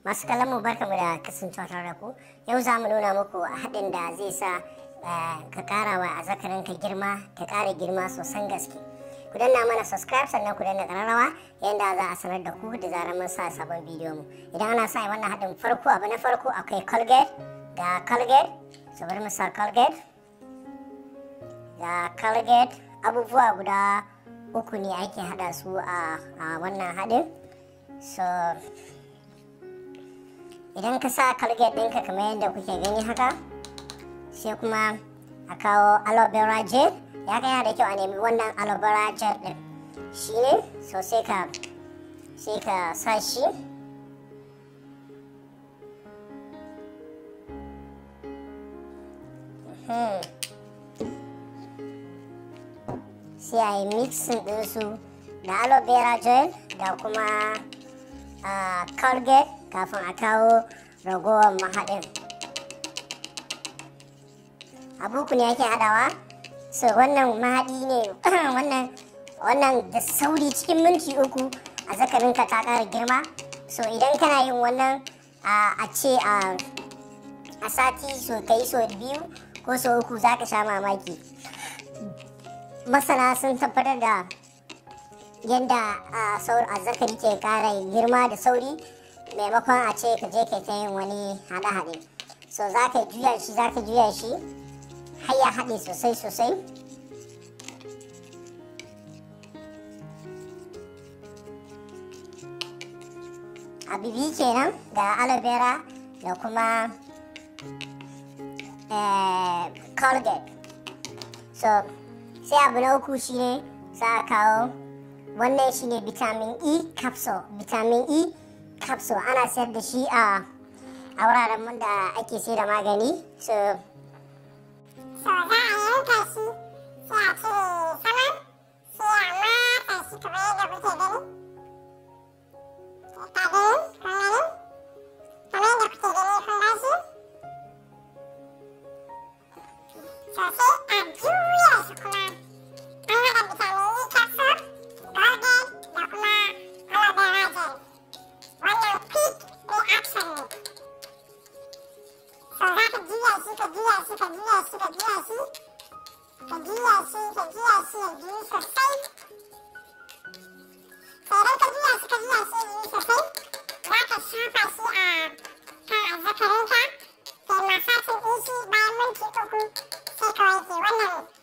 masu kallon mu mu da kasancewa tare ku yau za mu nuna muku haɗin da zai sa eh, ka ƙara wa zakarin ka girma ta ƙara girma sosan gaske ku danna mana subscribe sannan ku danna ƙararrawa yadda za a sanar da ku da zarar mun sa sabon bidiyo mu idan ana sa wannan haɗin farko abu na farko akwai colgate ga colgate so bari mu sa colgate da colgate abubuwa guda uku ne ake haɗa su a wannan haɗin so idan ka sa kalget ɗinka kamar yadda kuke gani haka sai kuma a kawo aloe vera gel ya kai da kyau a nemi wannan aloe vera gel ɗin shi ne so sai ka sai ka sa shi sai a yi mixin ɗinsu da aloe vera gel da kuma kalget. Ah, kafin a kawo ragowar mahaɗin abuku ne yake haɗawa so wannan mahaɗi ne wannan wannan da sauri cikin minti uku a zakarinka ta ƙara girma so idan kana yin wannan a ce a sati so yi so biyu ko so uku za ka sha mamaki masana sun tabbatar da yadda a zakari ke ƙara girma da sauri maimakon a ce ka je ka ta yin wani haɗe-haɗe so za ka juya shi za ka juya shi har ya haɗe sosai sosai bibi biyu kenan ga aloe vera da kuma eh, colgate so sai abu na uku shine za a kawo wannan shine vitamin e capsule vitamin e capsule ana sayar da shi a a mun da ake sai da magani so so za a yanka shi sai a ce saman sai a mata shi kamar yadda kuke gani ta gani kun gani kamar yadda kuke gani kun ga shi ka juya shi ka juya shi ka juya shi ka juya shi ka juya shi ya juyu sosai tsoron ka juya shi ka juya shi ya juyu sosai za ka shafa shi a kan azzakarinka kai masacin